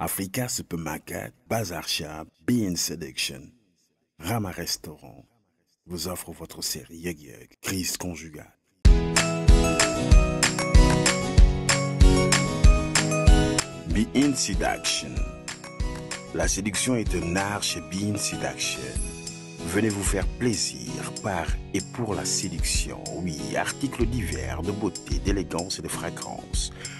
Africa Supermarket, Bazar Shop, Bean Seduction, Rama Restaurant vous offre Yeg Yeg, Crise conjugale. Bean Seduction. La séduction est un art chez Bean Seduction. Venez vous faire plaisir par et pour la séduction. articles divers de beauté, d'élégance et de fragrance.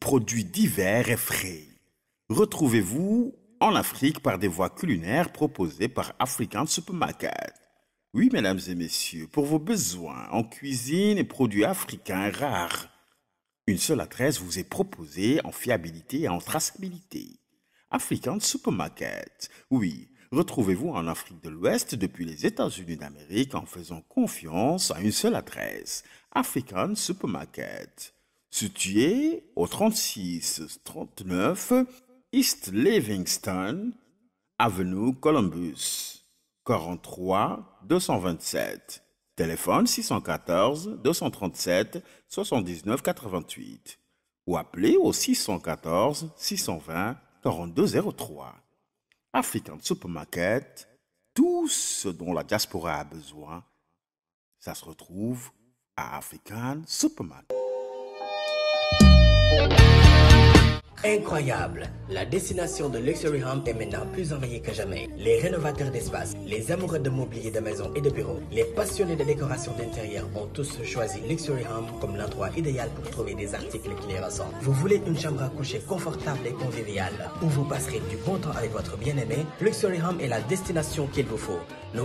produits divers et frais. Retrouvez-vous en Afrique par des voies culinaires proposées par African Supermarket. Oui, mesdames et messieurs, pour vos besoins en cuisine et produits africains rares, une seule adresse vous est proposée en fiabilité et en traçabilité. African Supermarket. Oui, retrouvez-vous en Afrique de l'Ouest depuis les États-Unis d'Amérique en faisant confiance à une seule adresse, African Supermarket. situé au 3639 East Livingston, avenue Columbus, 43 227. Téléphone 614 ou appelez au 614 620 4203. African Supermarket, tout ce dont la diaspora a besoin, ça se retrouve à Thank you. Incroyable La destination de Luxury Home est maintenant plus envahie que jamais. Les rénovateurs d'espace, les amoureux de mobilier de maison et de bureau, les passionnés de décoration d'intérieur ont tous choisi Luxury Home comme l'endroit idéal pour trouver des articles qui les ressemblent. Vous voulez une chambre à coucher confortable et conviviale où vous passerez du bon temps avec votre bien-aimé Luxury Home est la destination qu'il vous faut. Nos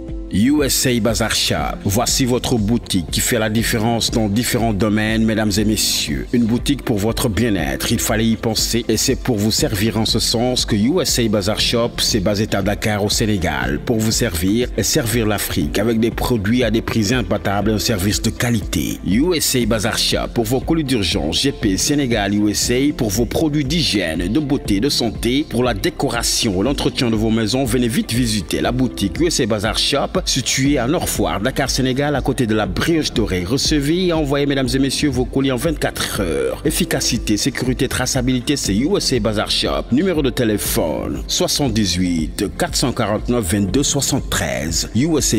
USA Bazar Shop. Voici votre boutique qui fait la différence dans différents domaines, mesdames et messieurs. Une boutique pour votre bien-être. Il fallait y penser et c'est pour vous servir en ce sens que USA Bazar Shop s'est basé à au Sénégal pour vous servir et servir l'Afrique avec des produits à des prix imbattables et un service de qualité. USA Bazar Shop pour vos colis d'urgence GP Sénégal USA pour vos produits d'hygiène, de beauté, de santé, la décoration et l'entretien situé à Norfoire, Dakar, Sénégal, côté de la Brioche Dorée. Recevez et envoyez, mesdames et messieurs, vos colis en 24 heures. Efficacité, sécurité, traçabilité, c'est USA Bazar Shop. Numéro de téléphone 78 449 22 73. USA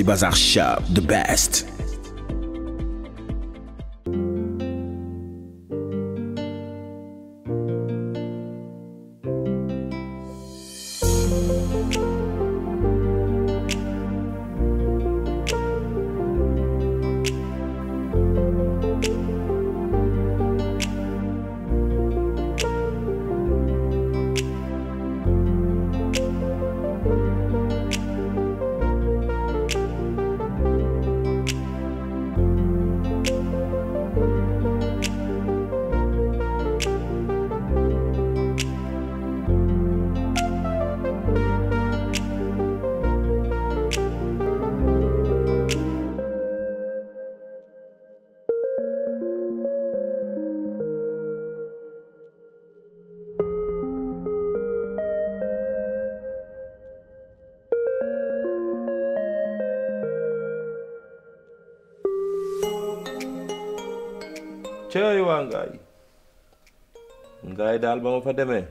gars yi daal ba ma fa demee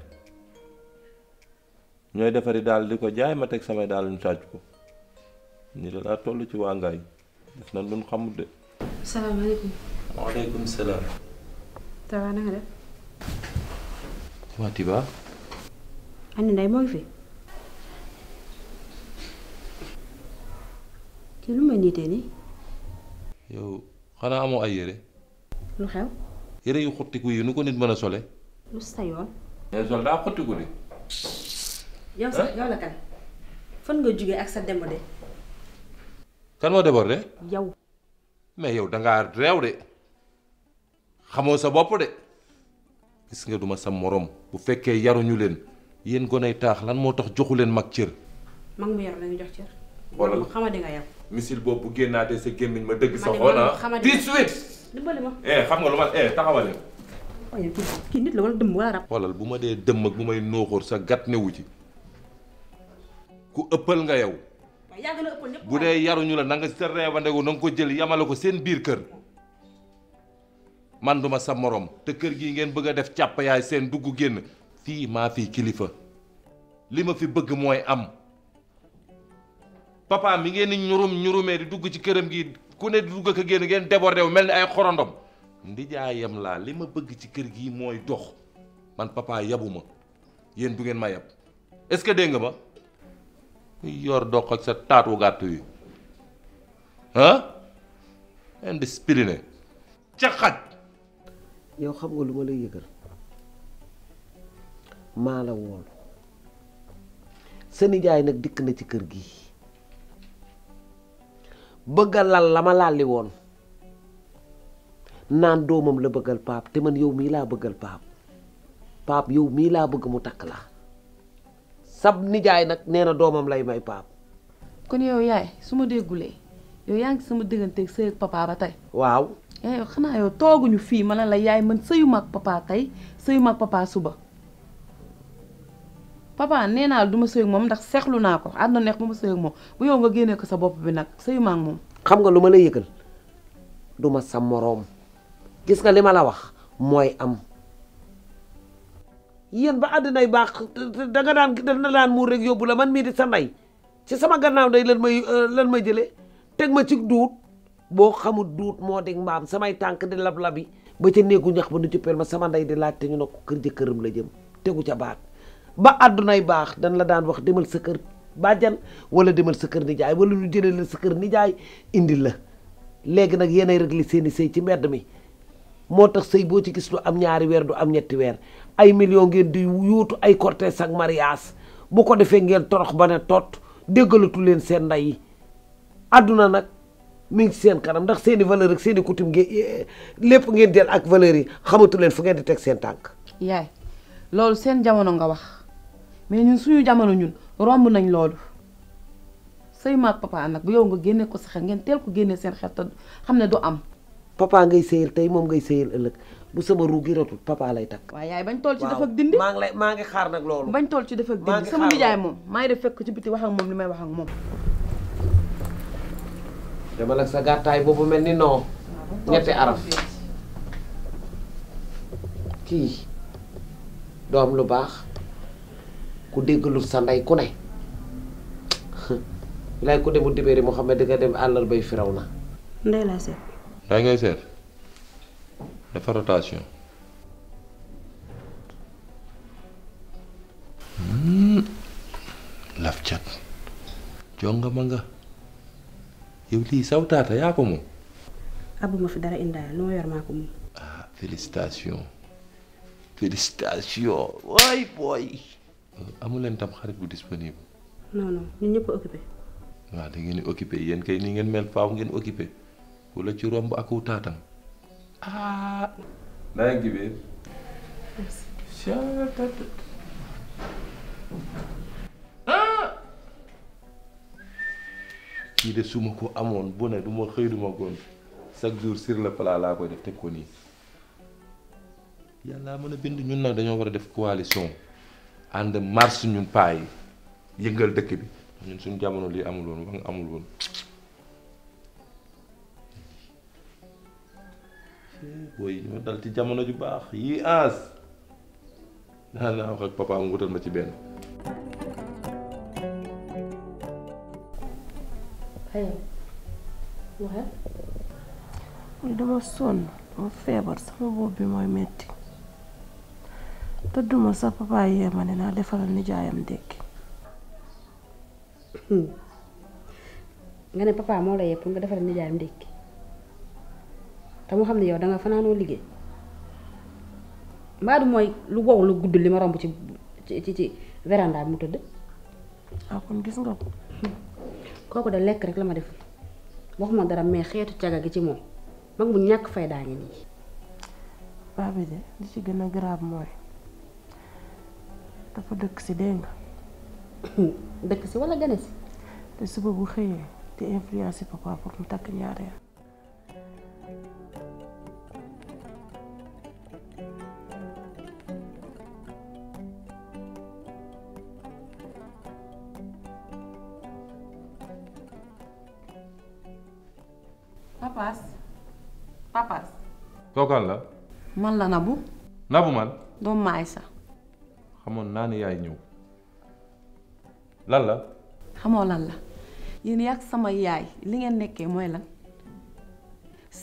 ñooy defari daal di ko jaay ma teg samay daal ñu sàcc ko nii la daa toll ci waa ngaay def na luñ xamut de. salaamaaleykum. waaleykum salaam. ça nga def. waa Tiba. Andi Ndeye moo fi. ci lu ma niitee nii. yow xanaa amoo ay yére. lu xew. yére yu xottiku yi nu ko nit mën a sole lu sa yoon. mais Zol daa de. yow sax yow la kan fan nga jógee ak sa demo de. kan moo débordé. yow. mais yow da ngaa réew de xamoo sa bopp de gis nga duma sa morom bu fekkee yaruñu leen yéen goney taax lan moo tax joxu leen mag cër. mag mu yaru lañu jox cër. xoolal mu xamadi nga yow. misil boobu bu génnaatee sa gémmiñ ma dëgg sa xool ah. ma ma eh, xamadi xam nga lu ma eh taxawal waaye xoolal bu ma dee dëmm bu may nooxoor sa gat newu ci ku ëppal nga yow. bu dee yaruñu la na nga sa reewandewu na nga ko jël yamale ko seen biir kër man duma sa morom te kër gii ngeen bëgg a def càpp yaay seen dugg génn fii maa fii kilifa li ma fi bëgg mooy am papa bi ngeen di ñurum ñurumee di dugg ci këram gi ku ne di dugg ak a génn ngeen débordé wu mel ni ay xorondom ndijaayam laa li ma bëgg ci kër gi mooy dox man papa yabuma yéen du ngeen ma yab est-ce que dégg nga ma yor dox ak sa taatu gàtt yi ah indiscipliné ca xaj yow xam nga lu ma lay yëgal maa la woon sa nijaay nag dikk na ci kër gi bëgga lal la ma lalli woon naan doomam la bëggal paap te man yow mii laa bëggal paap paap yow mii laa bëgg mu takk la sab nijaay nag neena doomam lay may paap kon yow yaay su ma déggulee yow yaa ngi sama digganteeg sëy ak papa ba tey waaw eh, yow xanaa yow tooguñu fii ma ne la yaay man sëyu mag papa tey sëyu papa suba papa nee naa du ma sëy moom ndax seexlu naa ko àdduna neex ba ma sëy ak moom bu yow nga génnee ko sa bopp bi nag sëyu mag moom xam nga lu ma la yëgal sa moroom gis nga li ma la wax mooy am yéen ba àddinay baax danga nga daan da nga daan muur rek yóbbu la man mii di sa ndey ci sama gannaaw day lan may lan ma jëlee teg ma ci duut boo xamut duut moo dig mbaam samay tànk di lab-labi ba ca néegu ñax ba nu juppeel ma sama ndey di laaj te ñu ne ko kër jëkkëram la jëm tegu ca baat ba àddunay baax dañ la daan wax demal sa kër bàjjan wala demal sa kër nijaay wala ñu jëlee la sa kër nijaay indi la léegi nag yéenay régler seeni sëy ci mbedd mi moo tax sëy boo ci gis du am ñaari weer du am ñetti weer ay million ngeen di yuutu ay cortège ak marias bu ko defee ngeen torox ba ne tot déggalatu leen seen ndey yi àdduna nag mi ngi seen kanam ndax seeni valeur ak seen i coutume lépp ngeen del ak valeur yi xamatu leen fu ngeen di teg seen tànk. yaay loolu seen jamono nga wax mais ñun suñu jamono ñun romb nañ loolu sëy maag papa nag bu yow nga génne ko sa xel ngeen teel ko génne seen xel te xam ne du am. papa ngay sëyal tey moom ngay sëyal ëllëg bu sama ruu gi rotul lay takk. waaye yaay bañ toll ci dafa dindi maa ngi lay xaar nag loolu. bañ toll ci dafa dindi sama nijaay moom maa ngi def fekk ci biti wax ak moom li may wax moom. dama nag sa gàttaay boobu mel ni non ñetti araf kii lu baax ku déggalul sa ndey ku ne lay ku demul dibéeri Muhammad di dem àllal bay firaw na ndey laa seet yaa ngay seet dafa rotation laf cat jonga ma nga yow lii saw taata yaa ko moom abuma fi dara indaale lu ma yor maa ko moom ah félicitation félicitation waay euh, tam xarit bu disponible non non da ngeen di occupé yéen kay ni ngeen mel faaw ngeen occupé ku la ci romb ak wu ah. naa ngi ah. kii de su ma ko amoon bu ne du ma xëy du ma goon chaque jour sur le plat laa koy def teg ko nii yàlla mën a bind ñun nag dañoo war a def coalition ànd marche ñun paa yi yëngal dëkk bi ñun suñu jamono lii amul woon wax amul woon. booy ci jamono ju baax yii ans ci benn waxe dama sonn ma feebar sama bopp bi mooy metti tëdduma sax papa yee ma ne naa defaral nijaayam ndékki hmm. nga ne papa moo la yee nga defaral nijaayam ndékki te mu xam ne yow da nga fanaanoo liggéey mbaa du mooy lu wow lu gudd li ma romb ci ci ci véranda bi mu tëdd. ah gis nga ko. kooku de lekk rek la ma def waxuma dara mais xeetu caga gi ci moom mag bu ñàkk fay daañu nii. baa de li ci gën a grave mooy dafa dëkk si dégg nga. dëkk si walla gane si. te suba bu xëyee di influencer papa pour mu takk ñaareel. papaas papaas kookan la man la nabu nabu man doomu ma sax xamoon naa ne yaay ñëw lan la xamoo lan la yéen yàgg sama yaay li ngeen nekkee mooy la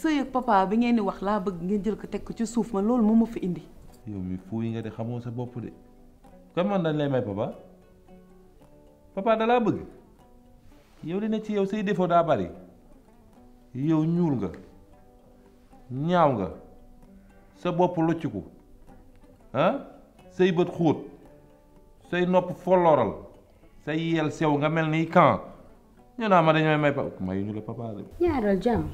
sëy ak bi ngeen di wax laa bëgg ngeen jël ko teg ko ci suuf ma loolu moom ma fi indi yow mi fuu yi nga de xamoo sa bopp de kon man dañ lay may papa papa dalaa bëgg yow li ne ci yow say défaut daa bari yow ñuul nga ñaaw nga sa bopp locciku ah say bët xóot say nopp folooral say yel sew nga mel ni kan ñu naa ma dañooy may papa may ñu la papa jàmm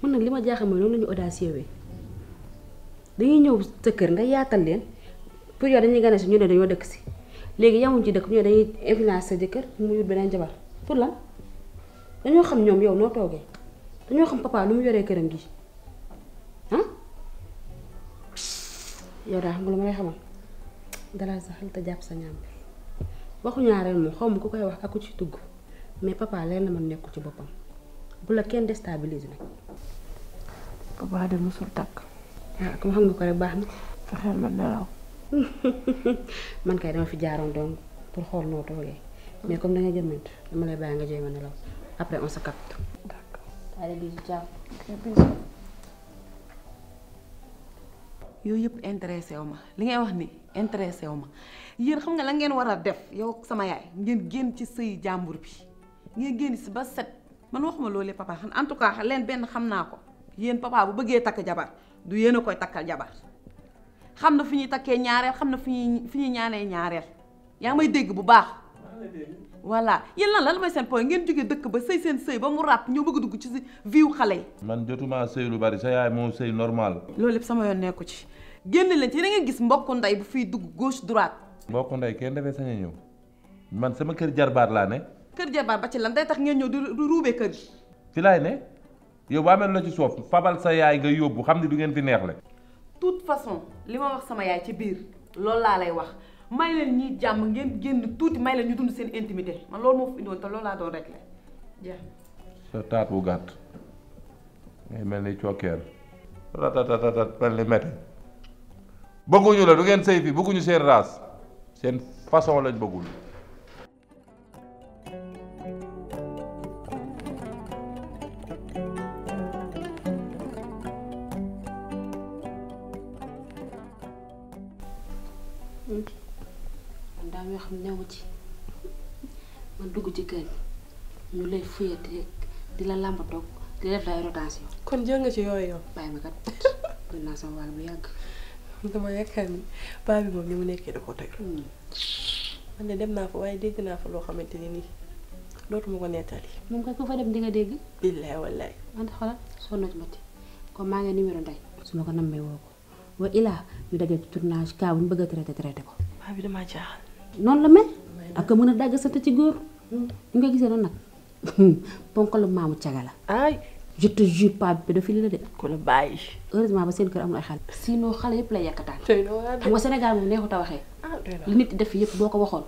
man nag li ma jaaxal mooy noonu lañu audacieux bi dañuy ñëw sa kër nga yaatal leen pour yow dañuy gane si ñu ne dañoo dëkk si léegi yamuñ ci dëkk ñu dañuy influence sa jëkkër mu yut beneen jabar pour dañoo xam ñoom yow noo toogee dañoo xam papa lu mu yoree këram gi ah yow daa xam nga lu ma lay xamal dalal sa xel te jàpp sa ñaam bi waxu ñaareel moom xaw ma ku koy wax ak ku ci tugg mais papa leen na man nekku ci boppam bu kenn déstabilise nag papa de musul takk ah comme xam nga ko rek baax na fexeel ma man koy dama fi jaaroon donc pour xool noo toogee mais comme da nga jëmmant dama lay bàyyi nga jooy ma nelaw après on se yëpp intéressé wu ma li ngay wax ni intéressé wu ma yéen xam nga la ngeen war a def yow sama yaay ngeen génn ci sëy jàmbur bi ngeen génn si ba set man waxuma loolee papa xam en tout cas leen benn xam naa ko yéen papa bu bëggee takk jabar du yéen a koy takkal jabar xam na fu ñuy takkee ñaareel xam na fi ñuy fi ñuy ñaanee ñaareel yaa may dégg bu baax. voilà yéen lan lan mooy seen point ngeen jógee dëkk ba sëy seen sëy ba mu ràpp ñoo bëgg dugg ci viwu xale yi man jotuma sëy lu bari sa yaay moo sëy normal loolu lépp sama yoon nekku ci génn leen ci da ngeen gis mbokku ndey bu fiy dugg gauche droite mbokku ndey kenn dafay sañ a man sama kër jarbaat laa ne kër jarbaat ba ci lan day tax ngeen ñëw di ruubee kër gi fi laay ne yow baa mel na ci soof fabal sa yaay nga yóbbu xam ne du ngeen fi neexle toute façon li ma wax sama yaay ci biir loolu laa lay wax may leen ñi jàmm ngeen génn tuuti may leen ñu dund seen intimité man loolu moo fi indoon te loolu laa doon réglé jeex sa taat bu gàtt ngay mel ni cokkeer ratatatatat mel ni métti bëgguñu la du ngeen sëy fi bëgguñu seen raas seen façon lañ bëggul yoon newu ci man dugg ci kër gi ñu lay fuyate di la làmb toog di kon jël nga ci yooyu bu yàgg. dama yaakaar ni paa bi hmm. de dem naa fa waaye dégg naa fa loo xamante ni nii dootuma ko nettali. moom kay ku fa dem di nga dégg. billaay wallaay. wante xoolal sonnatu ma ci comme maa ngi numéro ndey. su ma ko nammee woo ko wa ilaa ñu daje ci tournage kaa bu ñu bëgg a ko. paa bi damaa jaaxal. noonu la mel ak mën a dagg sant ci góor ñu nga gisee noonu nag ponkalu maamu caga la ay je te jure pas pédophile la de ku la bàyyi heureusement ba seen kër amul ay xale sinon xale yëpp lay yàkkataan xam nga Sénégal moom neexut a waxee ah, li nit def yëpp boo ko waxoon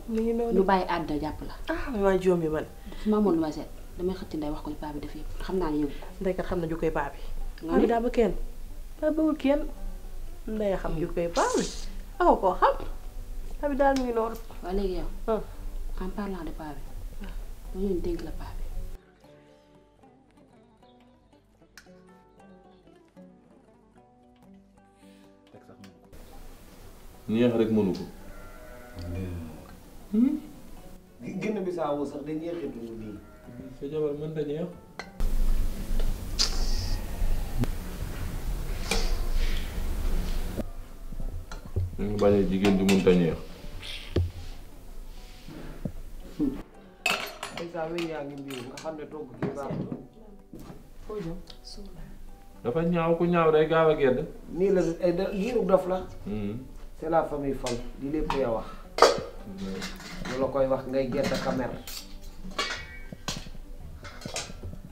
ñu bàyyi àddina jàpp la ah maa joom yi ma amoon lu ma seet damay xëcc nday wax ko li paa bi def yëpp xam naa ne yow ndeykat xam na ju koy paa bi nga ne daa ba kenn daa bëggul kenn nday xam ju koy paa bi aw koo xam tamit daal mi ngi noonu. waaw léegi yow. en parlant de paa bi. ma ñëw dénk la paa bi. ñeex rek mënu ko. Hmm? génn bi sax dañ ñeexitu nii. jabar mënta ñeex. ñu ngi bañ jigéen di mënta ñeex. yaa ngi mbir nga xam ne togg kii baaxul. foo jëm. dafa ñaaw ku ñaaw day gaaw a gedd. nii la ay eh, da giirug dof la. Hmm. c'est la famille Fall di lépp ya wax. Hmm. lu la koy wax ngay gedd ka mer.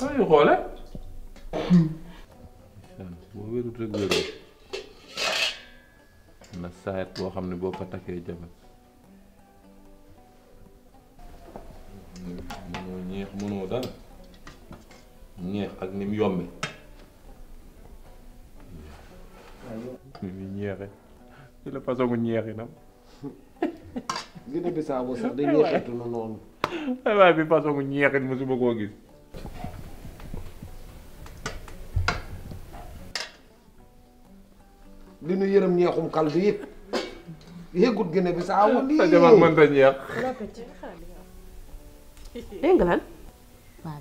ay xoole. Hmm. moo wérut rek wérut. na saayat boo xam ne boo ko takkee jabar mënoo ñeex mënoo dara ñeex ak ni mu yombe ni muy ñeexe ci la façon gu ñeexinam Guinée Bissau sax day ñeexitu noonu waaye bi façon gu ñeexit mosuma koo gis li nu yërëm ñeexum kaldu yëpp yëggut gën a bi sa jabar mën ta ñeex dégg naa may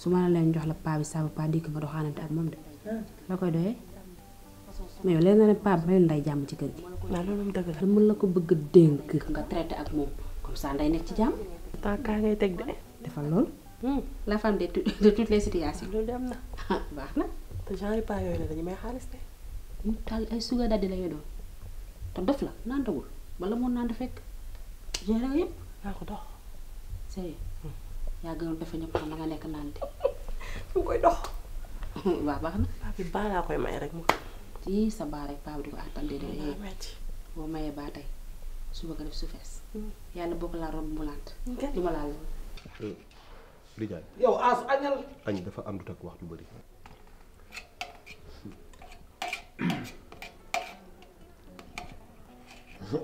su ma jox la paa saabu paa dikk nga doxaanante ak moom de la koy doyee mais yow leen na ne Pape mayul nday jàmm ci kër gi. waaw loolu moom dëgg la. mën ko bëgg a dénk. nga traité ak moom comme ça nday nekk ci jàmm. tant kaa ngay teg de. defal hmm, de de toutes les loolu de am na. Ah, baax na. te genre pas yooyu la dañu may xaalis de. mu taal ay suga daddi la doon te def la naan dawul wala moom naan da fekk géré yëpp. naa ko dox. sérieux yaa gënoon dafa ñëpp xam na nga lekk naan mu koy dox. waaw baax na. paa bi ci sa baa rek paa di ko ah tam déedéet boo mayee baa tey suba nga def su fees mm. yàlla bokk laa robe ambulante du ma laal loolu lijaay yow as añal añ dafa am du takk wax ju bëri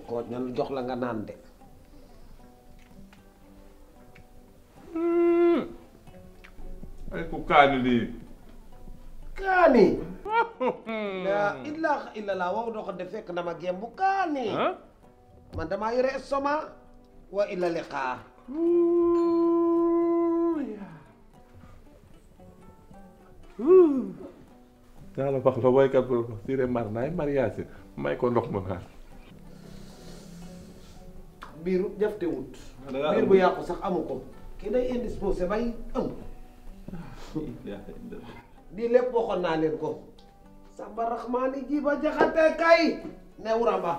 koo ñal jox la nga naan de mm. ay ku kaani lii kaani la ilaha illallah waaw doo ko def fekk na ma gem bu kaani man damaa yore estomac wa illa liqaa daa la wax la woykat bu ko siré mar naay mariage may ko ndox mu naan biir jafte wut ah, biir bu yàqu sax amu ko kii day bay ëmb lii lépp waxoon naa leen ko samba raxmaani jiba jaxate kay ne wuramba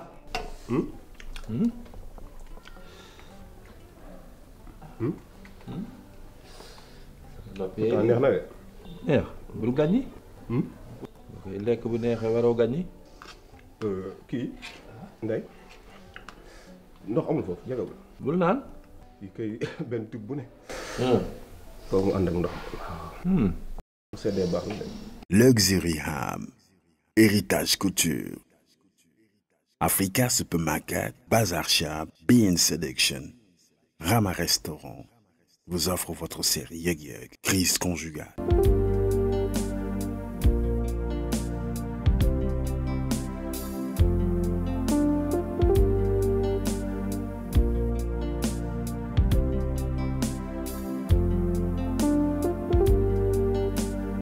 hmm? hmm? hmm? bul gàññi lekk bu neexee waroo gàññi euh, kii ndey ndox amul foofu jegewul bul naan yi koy benn tub bu ne foofu mu ànd ak ndox seddee baax na de Héritage Couture. Africa Supermarket, Bazar Shop, Bean Seduction, Rama Restaurant vous offre votre série Yeg crise conjugale.